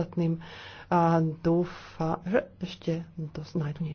ostatným a dúfa, že ešte to nájdu niečo.